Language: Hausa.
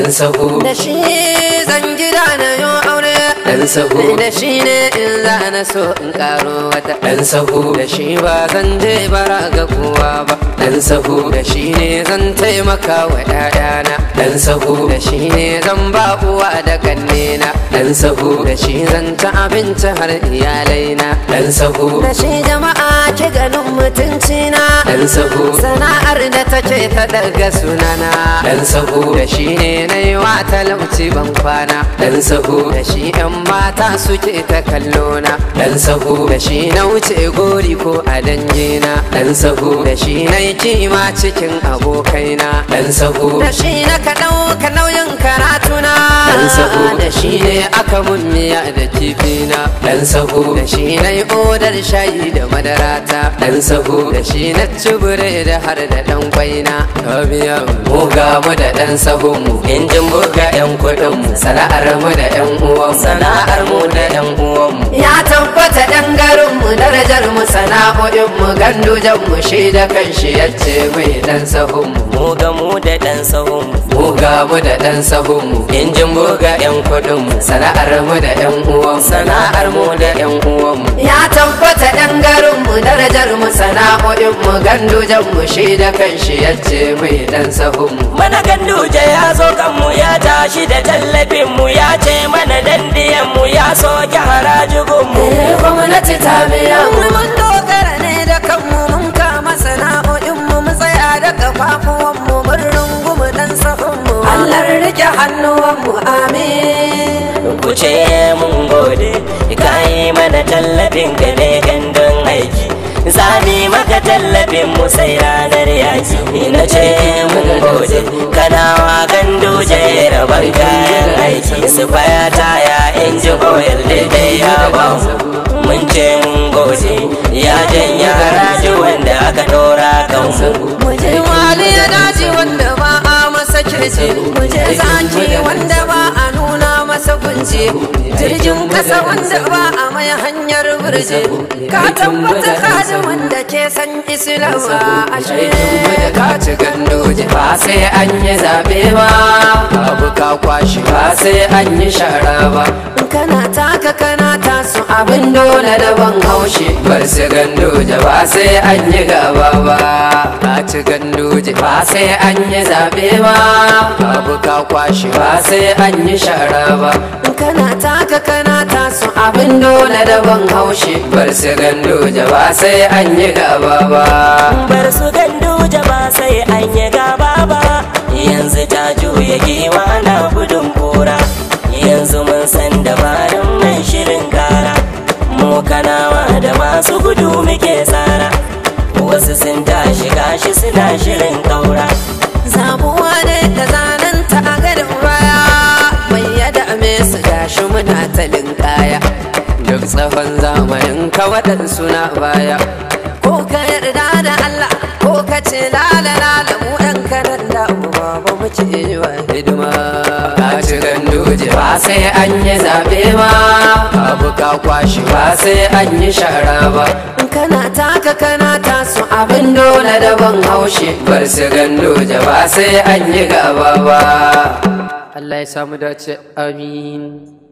dan sahu da shi zan gida na yo aure dan sahu da shi ne in za na so in karo wata dan sahu da shi ba zan je bara ga kowa ba dan sahu da shi ne zan taimaka wa ƴaƴana dan sahu da shi ne zan ba uwa da kannena dan sahu da shi zan ta abinci har iyalaina dan sahu da shi jama'a ki ganin mutuncina dan sahu sana'ar da take ta daga sunana dan sahu da shi ne na yi wa talauci ban kwana dan sahu da shi yan mata suke ta kallona dan sahu da shi na wuce gori ko a dangina. dan sahu da shi na yi kima cikin abokaina dan sahu da shi na ka nauyin dan sahu da shi ne aka mun miya da kifi na dan sahu da shi ne odar shayi da madara ta dan sahu da shi ne cibire da har da dan kwai na miya mu ga mu da dan sahu mu injin burga yan kudin mu sana'ar mu da yan uwan sana'ar mu da yan uwan mu ya tabbata dan garo sana'o'in mu gandujan mu shi da kanshi yace mai dan sahun mu mu ga mu da dan sahun mu mu ga mu da dan sahun mu injin mu ga yan kudin mu sana'ar mu da yan uwan sana'ar mu da yan uwan mu ya tabbata dan garin mu darajar mu sana'o'in mu gandujan mu shi da kanshi yace mai dan sahun mu mana ganduje ya zo kan mu ya tashi da tallafin mu ya ce mana dandiyan mu ya soke harajugun mu eh, gwamnati ta biya mu hannuwanmu amin ku ce mun gode ka yi mana tallafin ka ne gandun aiki za mu maka tallafin mu sai ranar yaki na ce mun gode kana wa gandu jera ban kayan aiki su faya taya in ji koyar daidai ya ba mun ce mun gode ya janya raji wanda aka dora kan mu je wali ya daji wanda kirji guje wanda ba a nuna masa gunje jirgin kasa wanda ba a mai hanyar burje ka tabbata ka da wanda ke san islama a ka ci gandoji ba sai an yi zaɓe ba abu ka kwashi ba sai an yi shara ba ka kana tasu abin dole da ban haushi bar su ganduje ba sai an yi gaba ba ba ci ganduje ba sai an yi zabe ba babu ka kwashi ba sai an yi shara ba kana ka kana tasu abin dole da ban haushi bar su ganduje ba sai an yi gaba ba bar su ganduje ba sai an yi gaba ba yanzu ta juya giwa na gudun masu gudu muke tsara wasu sun tashi gashi suna shirin kaura zamuwa ne da zananta a garin baya mai yada me su gashi muna talin kaya duk tsawon zamanin ka waɗansu na baya ko ka yarda da Allah ko ka ce lala lala mu ɗan kanan da uba ba mu ci wa hidima ka ci gandu ba sai an yi zaɓe ma ka kwashi ba sai an yi shara ba kana taka kana taso abin dole da ban haushe bar su gando ba sai an yi gaba ba Allah ya samu dace amin